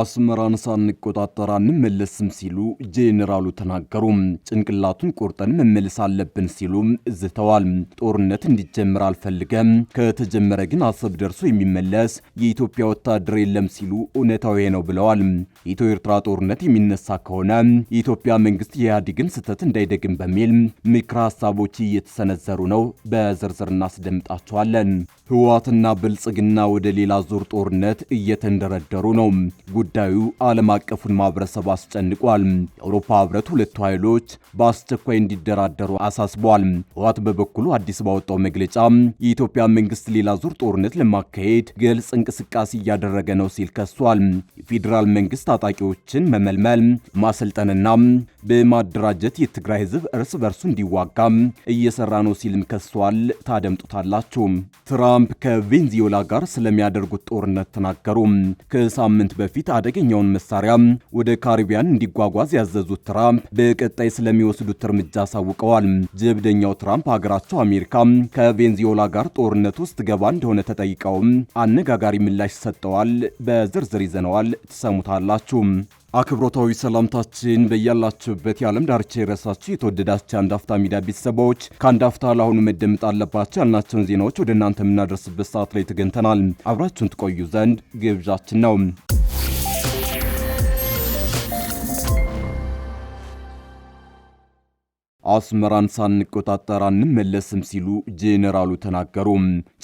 አስመራን ሳንቆጣጠር አንመለስም ሲሉ ጄኔራሉ ተናገሩ። ጭንቅላቱን ቆርጠን መመለስ አለብን ሲሉ ዝተዋል። ጦርነት እንዲጀምር አልፈልገም፣ ከተጀመረ ግን አሰብ ደርሶ የሚመለስ የኢትዮጵያ ወታደር የለም ሲሉ እውነታው ይሄ ነው ብለዋል። የኢትዮ ኤርትራ ጦርነት የሚነሳ ከሆነ የኢትዮጵያ መንግስት የኢህአዴግን ስህተት እንዳይደግም በሚል ምክረ ሀሳቦች እየተሰነዘሩ ነው። በዝርዝር እናስደምጣቸዋለን። ህወሓትና ብልጽግና ወደ ሌላ ዙር ጦርነት እየተንደረደሩ ነው። ጉዳዩ ዓለም አቀፉን ማህበረሰብ አስጨንቋል። የአውሮፓ ህብረት ሁለቱ ኃይሎች በአስቸኳይ እንዲደራደሩ አሳስቧል። ህወሓት በበኩሉ አዲስ ባወጣው መግለጫ የኢትዮጵያ መንግስት ሌላ ዙር ጦርነት ለማካሄድ ግልጽ እንቅስቃሴ እያደረገ ነው ሲል ከሷል። የፌዴራል መንግስት ታጣቂዎችን መመልመል ማሰልጠንና በማደራጀት የትግራይ ህዝብ እርስ በርሱ እንዲዋጋ እየሰራ ነው ሲልም ከሷል። ታደምጡታላችሁ። ትራምፕ ከቬንዚዮላ ጋር ስለሚያደርጉት ጦርነት ተናገሩ። ከሳምንት በፊት አደገኛውን መሳሪያ ወደ ካሪቢያን እንዲጓጓዝ ያዘዙት ትራምፕ በቀጣይ ስለሚወስዱት እርምጃ አሳውቀዋል። ጀብደኛው ትራምፕ ሀገራቸው አሜሪካ ከቬንዚዮላ ጋር ጦርነት ውስጥ ገባ እንደሆነ ተጠይቀው አነጋጋሪ ምላሽ ሰጠዋል። በዝርዝር ይዘነዋል፣ ትሰሙታላችሁ። አክብሮታዊ ሰላምታችን በያላችሁበት የዓለም ዳርቻ የረሳችሁ የተወደዳችሁ አንድ አፍታ ሚዲያ ቤተሰቦች ከአንድ አፍታ ለአሁኑ መደመጥ አለባቸው ያልናቸውን ዜናዎች ወደ እናንተ የምናደርስበት ሰዓት ላይ ተገኝተናል። አብራችሁን ትቆዩ ዘንድ ግብዣችን ነው። አስመራን ሳንቆጣጠር አንመለስም ሲሉ ጄኔራሉ ተናገሩ።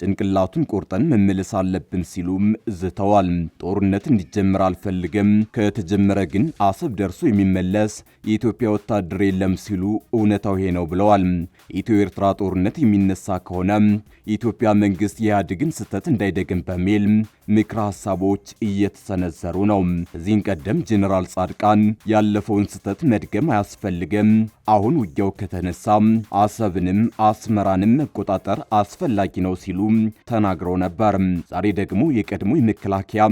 ጭንቅላቱን ቆርጠን መመለስ አለብን ሲሉም ዝተዋል። ጦርነት እንዲጀመር አልፈልግም፣ ከተጀመረ ግን አሰብ ደርሶ የሚመለስ የኢትዮጵያ ወታደር የለም ሲሉ እውነታው ይሄ ነው ብለዋል። ኢትዮ ኤርትራ ጦርነት የሚነሳ ከሆነ የኢትዮጵያ መንግስት የኢህአዴግን ስህተት እንዳይደግም በሚል ምክረ ሀሳቦች እየተሰነዘሩ ነው። ከዚህም ቀደም ጄኔራል ጻድቃን ያለፈውን ስህተት መድገም አያስፈልግም፣ አሁን ውጊያው ከተነሳ አሰብንም አስመራንም መቆጣጠር አስፈላጊ ነው ሲሉ ተናግረው ነበር። ዛሬ ደግሞ የቀድሞ የመከላከያ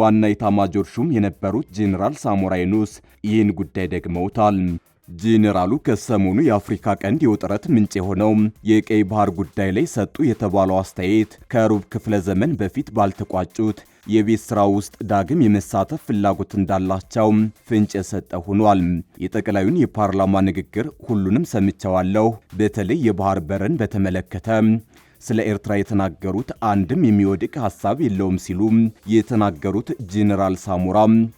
ዋና የታማጆር ሹም የነበሩት ጄኔራል ሳሞራ የኑስ ይህን ጉዳይ ደግመውታል። ጄኔራሉ ከሰሞኑ የአፍሪካ ቀንድ የውጥረት ምንጭ የሆነው የቀይ ባህር ጉዳይ ላይ ሰጡ የተባለው አስተያየት ከሩብ ክፍለ ዘመን በፊት ባልተቋጩት የቤት ስራ ውስጥ ዳግም የመሳተፍ ፍላጎት እንዳላቸው ፍንጭ የሰጠ ሆኗል። የጠቅላዩን የፓርላማ ንግግር ሁሉንም ሰምቸዋለሁ። በተለይ የባህር በርን በተመለከተ ስለ ኤርትራ የተናገሩት አንድም የሚወድቅ ሀሳብ የለውም ሲሉ የተናገሩት ጄኔራል ሳሞራ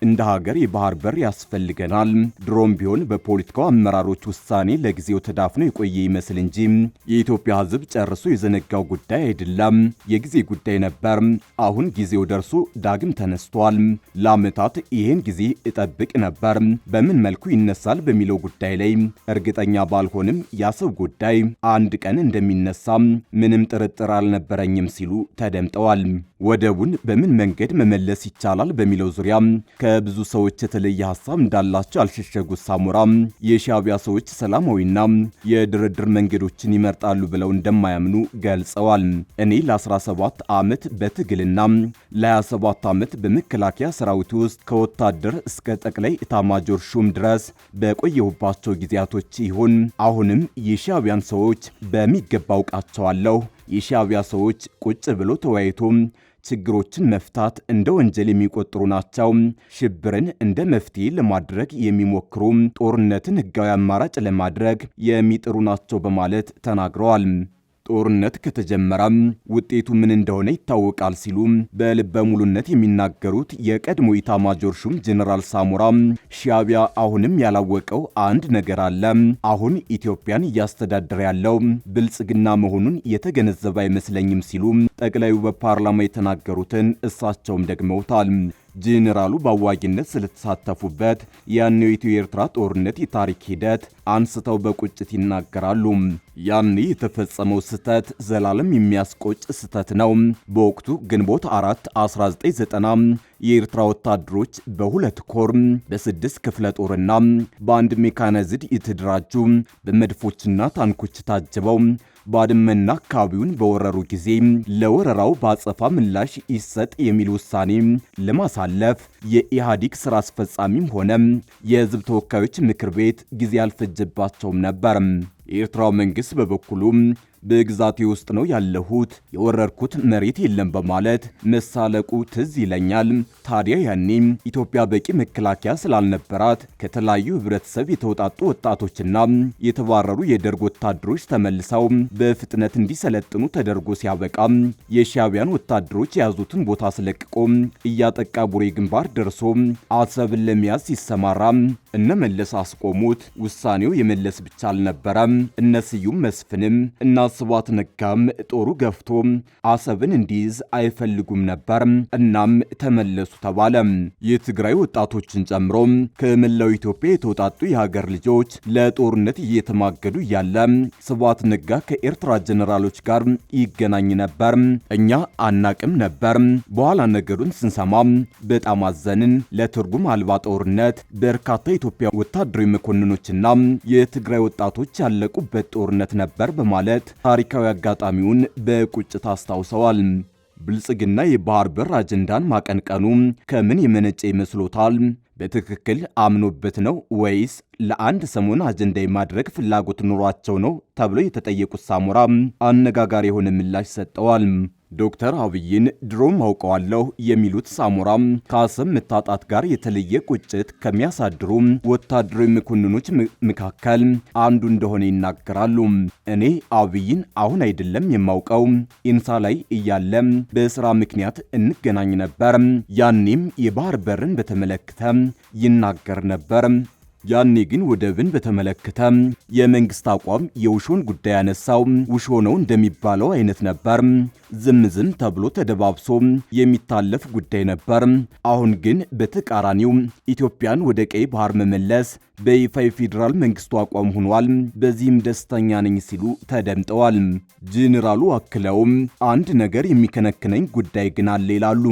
እንደ ሀገር የባህር በር ያስፈልገናል። ድሮም ቢሆን በፖለቲካው አመራሮች ውሳኔ ለጊዜው ተዳፍኖ የቆየ ይመስል እንጂ የኢትዮጵያ ሕዝብ ጨርሶ የዘነጋው ጉዳይ አይደለም፣ የጊዜ ጉዳይ ነበር። አሁን ጊዜው ደርሶ ዳግም ተነስቷል። ለአመታት ይህን ጊዜ እጠብቅ ነበር። በምን መልኩ ይነሳል በሚለው ጉዳይ ላይ እርግጠኛ ባልሆንም የአሰብ ጉዳይ አንድ ቀን እንደሚነሳ ምንም ጥርጥር አልነበረኝም ሲሉ ተደምጠዋል። ወደቡን በምን መንገድ መመለስ ይቻላል በሚለው ዙሪያ ከብዙ ሰዎች የተለየ ሀሳብ እንዳላቸው ያልሸሸጉት ሳሞራ የሻቢያ ሰዎች ሰላማዊና የድርድር መንገዶችን ይመርጣሉ ብለው እንደማያምኑ ገልጸዋል። እኔ ለ17 ዓመት በትግልና ለ27 ዓመት በመከላከያ ሰራዊት ውስጥ ከወታደር እስከ ጠቅላይ ኢታማጆር ሹም ድረስ በቆየሁባቸው ጊዜያቶች ይሁን አሁንም የሻቢያን ሰዎች በሚገባ አውቃቸዋለሁ። የሻቢያ ሰዎች ቁጭ ብሎ ተወያይቶ ችግሮችን መፍታት እንደ ወንጀል የሚቆጥሩ ናቸው። ሽብርን እንደ መፍትሄ ለማድረግ የሚሞክሩ፣ ጦርነትን ህጋዊ አማራጭ ለማድረግ የሚጥሩ ናቸው በማለት ተናግረዋል። ጦርነት ከተጀመረም ውጤቱ ምን እንደሆነ ይታወቃል ሲሉ በልበ ሙሉነት የሚናገሩት የቀድሞ ኢታማጆር ሹም ጀኔራል ሳሞራ ሻዕቢያ አሁንም ያላወቀው አንድ ነገር አለ። አሁን ኢትዮጵያን እያስተዳደረ ያለው ብልጽግና መሆኑን የተገነዘበ አይመስለኝም ሲሉ ጠቅላዩ በፓርላማ የተናገሩትን እሳቸውም ደግመውታል። ጄኔራሉ በአዋጊነት ስለተሳተፉበት ያኔው ኢትዮ ኤርትራ ጦርነት የታሪክ ሂደት አንስተው በቁጭት ይናገራሉ። ያኔ የተፈጸመው ስህተት ዘላለም የሚያስቆጭ ስህተት ነው። በወቅቱ ግንቦት 4 1990 የኤርትራ ወታደሮች በሁለት ኮር በስድስት ክፍለ ጦርና በአንድ ሜካናይዝድ የተደራጁ በመድፎችና ታንኮች ታጅበው ባድመና አካባቢውን በወረሩ ጊዜ ለወረራው በአጸፋ ምላሽ ይሰጥ የሚል ውሳኔ ለማሳለፍ የኢህአዲግ ስራ አስፈጻሚም ሆነ የህዝብ ተወካዮች ምክር ቤት ጊዜ አልፈጀባቸውም ነበር። የኤርትራው መንግስት በበኩሉ በግዛቴ ውስጥ ነው ያለሁት፣ የወረርኩት መሬት የለም በማለት መሳለቁ ትዝ ይለኛል። ታዲያ ያኔም ኢትዮጵያ በቂ መከላከያ ስላልነበራት ከተለያዩ ህብረተሰብ የተውጣጡ ወጣቶችና የተባረሩ የደርግ ወታደሮች ተመልሰው በፍጥነት እንዲሰለጥኑ ተደርጎ ሲያበቃ የሻቢያን ወታደሮች የያዙትን ቦታ አስለቅቆ እያጠቃ ቡሬ ግንባር ደርሶ አሰብን ለመያዝ ሲሰማራ እነ መለስ አስቆሙት። ውሳኔው የመለስ ብቻ አልነበረም። እነ ስዩም መስፍንም እና አስቧት ነካም። ጦሩ ገፍቶ አሰብን እንዲይዝ አይፈልጉም ነበር። እናም ተመለሱ ተባለ። የትግራይ ወጣቶችን ጨምሮ ከመላው ኢትዮጵያ የተውጣጡ የሀገር ልጆች ለጦርነት እየተማገዱ እያለ ስብሐት ነጋ ከኤርትራ ጀነራሎች ጋር ይገናኝ ነበር። እኛ አናቅም ነበር። በኋላ ነገሩን ስንሰማ በጣም አዘንን። ለትርጉም አልባ ጦርነት በርካታ ኢትዮጵያ ወታደራዊ መኮንኖችና የትግራይ ወጣቶች ያለቁበት ጦርነት ነበር በማለት ታሪካዊ አጋጣሚውን በቁጭት አስታውሰዋል። ብልጽግና የባህር በር አጀንዳን ማቀንቀኑ ከምን የመነጨ ይመስሎታል? በትክክል አምኖበት ነው ወይስ ለአንድ ሰሞን አጀንዳ የማድረግ ፍላጎት ኑሯቸው ነው ተብለው የተጠየቁት ሳሞራ አነጋጋሪ የሆነ ምላሽ ሰጠዋል። ዶክተር አብይን ድሮም አውቀዋለሁ የሚሉት ሳሞራ ከአሰብ መታጣት ጋር የተለየ ቁጭት ከሚያሳድሩ ወታደራዊ መኮንኖች መካከል አንዱ እንደሆነ ይናገራሉ። እኔ አብይን አሁን አይደለም የማውቀው፣ ኢንሳ ላይ እያለ በስራ ምክንያት እንገናኝ ነበር። ያኔም የባህር በርን በተመለከተ ይናገር ነበር። ያኔ ግን ወደብን በተመለከተ የመንግስት አቋም የውሾን ጉዳይ ያነሳው ውሾ ነው እንደሚባለው አይነት ነበር። ዝም ዝም ተብሎ ተደባብሶ የሚታለፍ ጉዳይ ነበር። አሁን ግን በተቃራኒው ኢትዮጵያን ወደ ቀይ ባህር መመለስ በይፋ የፌዴራል መንግስቱ አቋም ሆኗል። በዚህም ደስተኛ ነኝ ሲሉ ተደምጠዋል። ጄኔራሉ አክለውም አንድ ነገር የሚከነክነኝ ጉዳይ ግን አለ ይላሉ።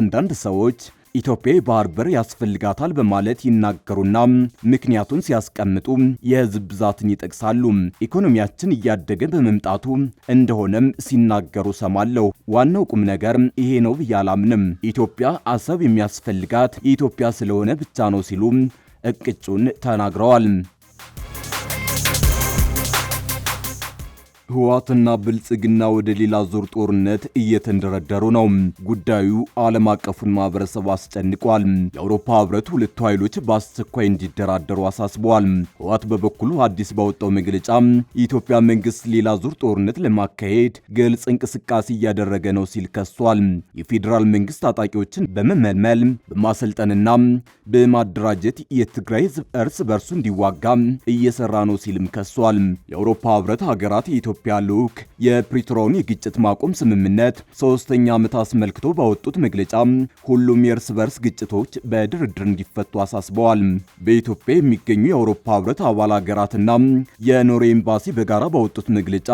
አንዳንድ ሰዎች ኢትዮጵያ የባህር በር ያስፈልጋታል በማለት ይናገሩና ምክንያቱን ሲያስቀምጡ የህዝብ ብዛትን ይጠቅሳሉ። ኢኮኖሚያችን እያደገ በመምጣቱ እንደሆነም ሲናገሩ ሰማለሁ። ዋናው ቁም ነገር ይሄ ነው ብዬ አላምንም። ኢትዮጵያ አሰብ የሚያስፈልጋት የኢትዮጵያ ስለሆነ ብቻ ነው ሲሉ እቅጩን ተናግረዋል። ህወሓትና ብልጽግና ወደ ሌላ ዙር ጦርነት እየተንደረደሩ ነው። ጉዳዩ ዓለም አቀፉን ማህበረሰብ አስጨንቋል። የአውሮፓ ህብረት ሁለቱ ኃይሎች በአስቸኳይ እንዲደራደሩ አሳስበዋል። ህወሓት በበኩሉ አዲስ ባወጣው መግለጫ የኢትዮጵያ መንግስት ሌላ ዙር ጦርነት ለማካሄድ ግልጽ እንቅስቃሴ እያደረገ ነው ሲል ከሷል። የፌዴራል መንግስት ታጣቂዎችን በመመልመል በማሰልጠንና በማደራጀት የትግራይ ህዝብ እርስ በርሱ እንዲዋጋ እየሰራ ነው ሲልም ከሷል። የአውሮፓ ህብረት ሀገራት የኢትዮጵያ ኢትዮጵያ ልዑክ የፕሪቶሪያውን የግጭት ማቆም ስምምነት ሶስተኛ ዓመት አስመልክቶ ባወጡት መግለጫ ሁሉም የእርስ በርስ ግጭቶች በድርድር እንዲፈቱ አሳስበዋል። በኢትዮጵያ የሚገኙ የአውሮፓ ህብረት አባል ሀገራትና የኖርዌይ ኤምባሲ በጋራ ባወጡት መግለጫ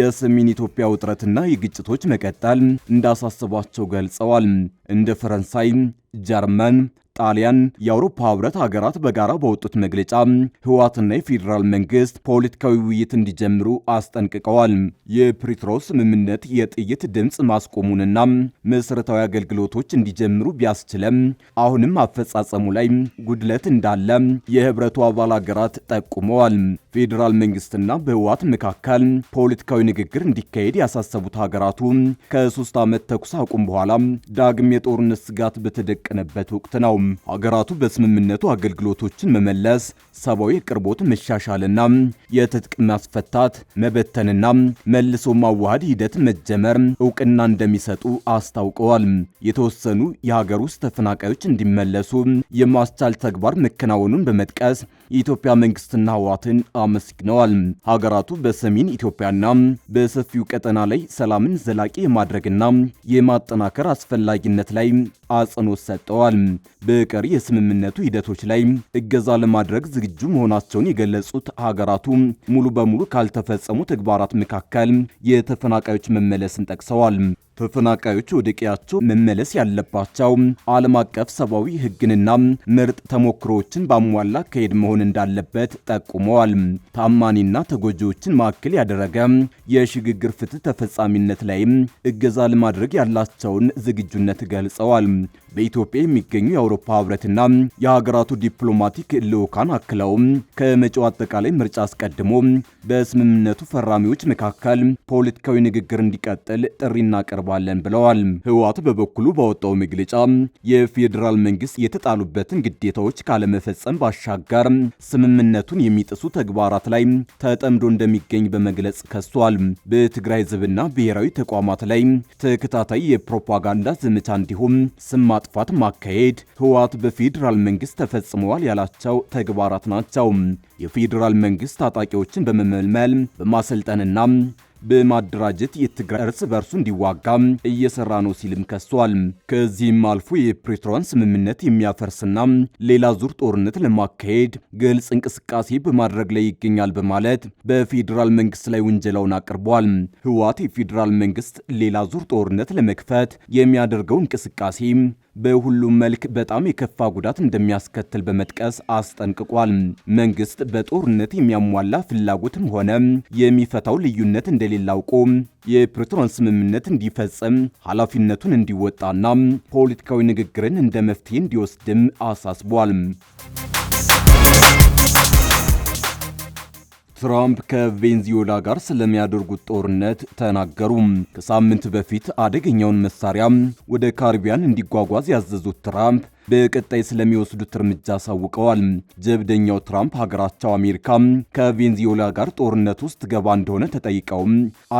የሰሜን ኢትዮጵያ ውጥረትና የግጭቶች መቀጠል እንዳሳሰባቸው ገልጸዋል። እንደ ፈረንሳይ፣ ጀርመን ጣሊያን፣ የአውሮፓ ህብረት ሀገራት በጋራ በወጡት መግለጫ ህወሓትና የፌዴራል መንግስት ፖለቲካዊ ውይይት እንዲጀምሩ አስጠንቅቀዋል። የፕሪትሮ ስምምነት የጥይት ድምፅ ማስቆሙንና መሠረታዊ አገልግሎቶች እንዲጀምሩ ቢያስችለም አሁንም አፈጻጸሙ ላይ ጉድለት እንዳለ የህብረቱ አባል ሀገራት ጠቁመዋል። ፌዴራል መንግስትና በህወሓት መካከል ፖለቲካዊ ንግግር እንዲካሄድ ያሳሰቡት ሀገራቱ ከሶስት ዓመት ተኩስ አቁም በኋላ ዳግም የጦርነት ስጋት በተደቀነበት ወቅት ነው። ናቸው። ሀገራቱ በስምምነቱ አገልግሎቶችን መመለስ፣ ሰብአዊ አቅርቦት መሻሻልና የትጥቅ ማስፈታት መበተንና መልሶ ማዋሃድ ሂደት መጀመር እውቅና እንደሚሰጡ አስታውቀዋል። የተወሰኑ የሀገር ውስጥ ተፈናቃዮች እንዲመለሱ የማስቻል ተግባር መከናወኑን በመጥቀስ የኢትዮጵያ መንግስትና ህዋትን አመስግነዋል። ሀገራቱ በሰሜን ኢትዮጵያና በሰፊው ቀጠና ላይ ሰላምን ዘላቂ የማድረግና የማጠናከር አስፈላጊነት ላይ አጽንኦት ሰጥተዋል። በቀሪ የስምምነቱ ሂደቶች ላይ እገዛ ለማድረግ ዝግጁ መሆናቸውን የገለጹት ሀገራቱ ሙሉ በሙሉ ካልተፈጸሙ ተግባራት መካከል የተፈናቃዮች መመለስን ጠቅሰዋል። ተፈናቃዮች ወደ ቀያቸው መመለስ ያለባቸው ዓለም አቀፍ ሰብአዊ ሕግንና ምርጥ ተሞክሮዎችን ባሟላ አካሄድ መሆን እንዳለበት ጠቁመዋል። ታማኒና ተጎጂዎችን ማዕከል ያደረገ የሽግግር ፍትህ ተፈጻሚነት ላይም እገዛ ለማድረግ ያላቸውን ዝግጁነት ገልጸዋል። በኢትዮጵያ የሚገኙ የአውሮፓ ህብረትና የሀገራቱ ዲፕሎማቲክ ልዑካን አክለው ከመጪው አጠቃላይ ምርጫ አስቀድሞ በስምምነቱ ፈራሚዎች መካከል ፖለቲካዊ ንግግር እንዲቀጥል ጥሪ እናቀርባለን ብለዋል። ህወሓት በበኩሉ ባወጣው መግለጫ የፌዴራል መንግስት የተጣሉበትን ግዴታዎች ካለመፈጸም ባሻገር ስምምነቱን የሚጥሱ ተግባራት ላይ ተጠምዶ እንደሚገኝ በመግለጽ ከሷል። በትግራይ ህዝብና ብሔራዊ ተቋማት ላይ ተከታታይ የፕሮፓጋንዳ ዘመቻ እንዲሁም ስማ ማጥፋት ማካሄድ ህወሓት በፌዴራል መንግስት ተፈጽመዋል ያላቸው ተግባራት ናቸው። የፌዴራል መንግስት ታጣቂዎችን በመመልመል በማሰልጠንና በማደራጀት የትግራይ እርስ በርሱ እንዲዋጋ እየሰራ ነው ሲልም ከሷል። ከዚህም አልፎ የፕሪቶሪያን ስምምነት የሚያፈርስና ሌላ ዙር ጦርነት ለማካሄድ ግልጽ እንቅስቃሴ በማድረግ ላይ ይገኛል በማለት በፌዴራል መንግስት ላይ ውንጀላውን አቅርቧል። ህወሓት የፌዴራል መንግስት ሌላ ዙር ጦርነት ለመክፈት የሚያደርገው እንቅስቃሴ በሁሉም መልክ በጣም የከፋ ጉዳት እንደሚያስከትል በመጥቀስ አስጠንቅቋል። መንግስት በጦርነት የሚያሟላ ፍላጎትም ሆነ የሚፈታው ልዩነት እንደሌለ አውቆ የፕሪቶሪያን ስምምነት እንዲፈጽም ኃላፊነቱን እንዲወጣና ፖለቲካዊ ንግግርን እንደ መፍትሄ እንዲወስድም አሳስቧል። ትራምፕ ከቬንዙዌላ ጋር ስለሚያደርጉት ጦርነት ተናገሩ። ከሳምንት በፊት አደገኛውን መሳሪያ ወደ ካሪቢያን እንዲጓጓዝ ያዘዙት ትራምፕ በቀጣይ ስለሚወስዱት እርምጃ አሳውቀዋል። ጀብደኛው ትራምፕ ሀገራቸው አሜሪካ ከቬንዙዌላ ጋር ጦርነት ውስጥ ገባ እንደሆነ ተጠይቀው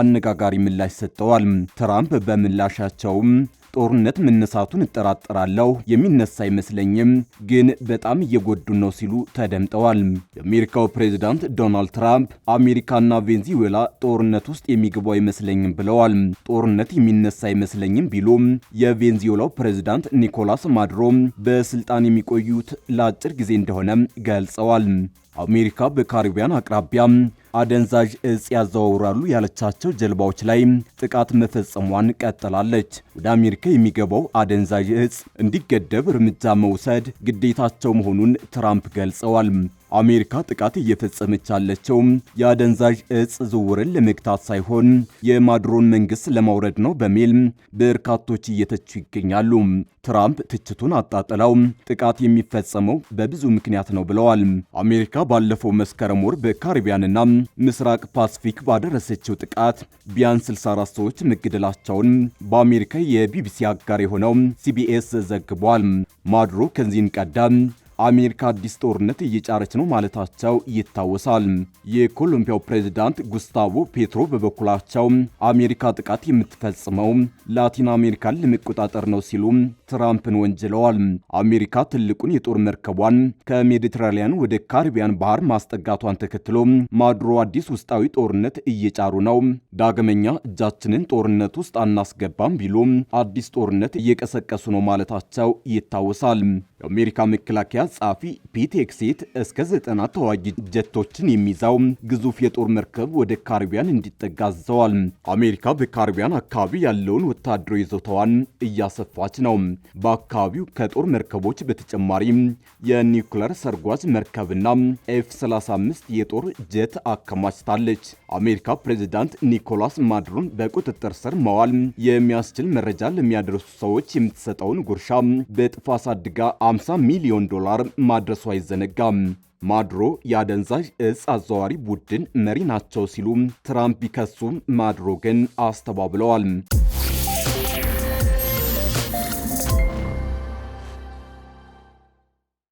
አነጋጋሪ ምላሽ ሰጥተዋል። ትራምፕ በምላሻቸውም ጦርነት መነሳቱን እጠራጠራለሁ። የሚነሳ አይመስለኝም፣ ግን በጣም እየጎዱ ነው ሲሉ ተደምጠዋል። የአሜሪካው ፕሬዚዳንት ዶናልድ ትራምፕ አሜሪካና ቬንዙዌላ ጦርነት ውስጥ የሚገቡ አይመስለኝም ብለዋል። ጦርነት የሚነሳ አይመስለኝም ቢሉም የቬንዙዌላው ፕሬዚዳንት ኒኮላስ ማድሮ በስልጣን የሚቆዩት ለአጭር ጊዜ እንደሆነ ገልጸዋል። አሜሪካ በካሪቢያን አቅራቢያ አደንዛዥ እጽ ያዘዋውራሉ ያለቻቸው ጀልባዎች ላይ ጥቃት መፈጸሟን ቀጥላለች። ወደ አሜሪካ የሚገባው አደንዛዥ እጽ እንዲገደብ እርምጃ መውሰድ ግዴታቸው መሆኑን ትራምፕ ገልጸዋል። አሜሪካ ጥቃት እየፈጸመች ያለችው የአደንዛዥ እጽ ዝውውርን ለመግታት ሳይሆን የማድሮን መንግስት ለማውረድ ነው በሚል በርካቶች እየተቹ ይገኛሉ። ትራምፕ ትችቱን አጣጥለው ጥቃት የሚፈጸመው በብዙ ምክንያት ነው ብለዋል። አሜሪካ ባለፈው መስከረም ወር በካሪቢያንና ምስራቅ ፓስፊክ ባደረሰችው ጥቃት ቢያንስ 64 ሰዎች መገደላቸውን በአሜሪካ የቢቢሲ አጋር የሆነው ሲቢኤስ ዘግቧል። ማድሮ ከዚህን ቀደም አሜሪካ አዲስ ጦርነት እየጫረች ነው ማለታቸው ይታወሳል። የኮሎምቢያው ፕሬዚዳንት ጉስታቮ ፔትሮ በበኩላቸው አሜሪካ ጥቃት የምትፈጽመው ላቲን አሜሪካን ለመቆጣጠር ነው ሲሉ ትራምፕን ወንጅለዋል። አሜሪካ ትልቁን የጦር መርከቧን ከሜዲትራሊያን ወደ ካሪቢያን ባህር ማስጠጋቷን ተከትሎ ማድሮ አዲስ ውስጣዊ ጦርነት እየጫሩ ነው፣ ዳግመኛ እጃችንን ጦርነት ውስጥ አናስገባም ቢሎ አዲስ ጦርነት እየቀሰቀሱ ነው ማለታቸው ይታወሳል። የአሜሪካ መከላከያ ጸሐፊ ፒት ሄግሴት እስከ ዘጠና ተዋጊ ጀቶችን የሚይዛው ግዙፍ የጦር መርከብ ወደ ካሪቢያን እንዲጠጋ አዘዋል። አሜሪካ በካሪቢያን አካባቢ ያለውን ወታደራዊ ይዞታዋን እያሰፋች ነው። በአካባቢው ከጦር መርከቦች በተጨማሪም የኒውክለር ሰርጓጅ መርከብና ኤፍ 35 የጦር ጀት አከማችታለች። አሜሪካ ፕሬዚዳንት ኒኮላስ ማድሮን በቁጥጥር ስር መዋል የሚያስችል መረጃ ለሚያደርሱ ሰዎች የምትሰጠውን ጉርሻ በጥፋ አሳድጋ 50 ሚሊዮን ዶላር ማድረሱ አይዘነጋም። ማድሮ የአደንዛዥ እጽ አዘዋዋሪ ቡድን መሪ ናቸው ሲሉ ትራምፕ ቢከሱም ማድሮ ግን አስተባብለዋል።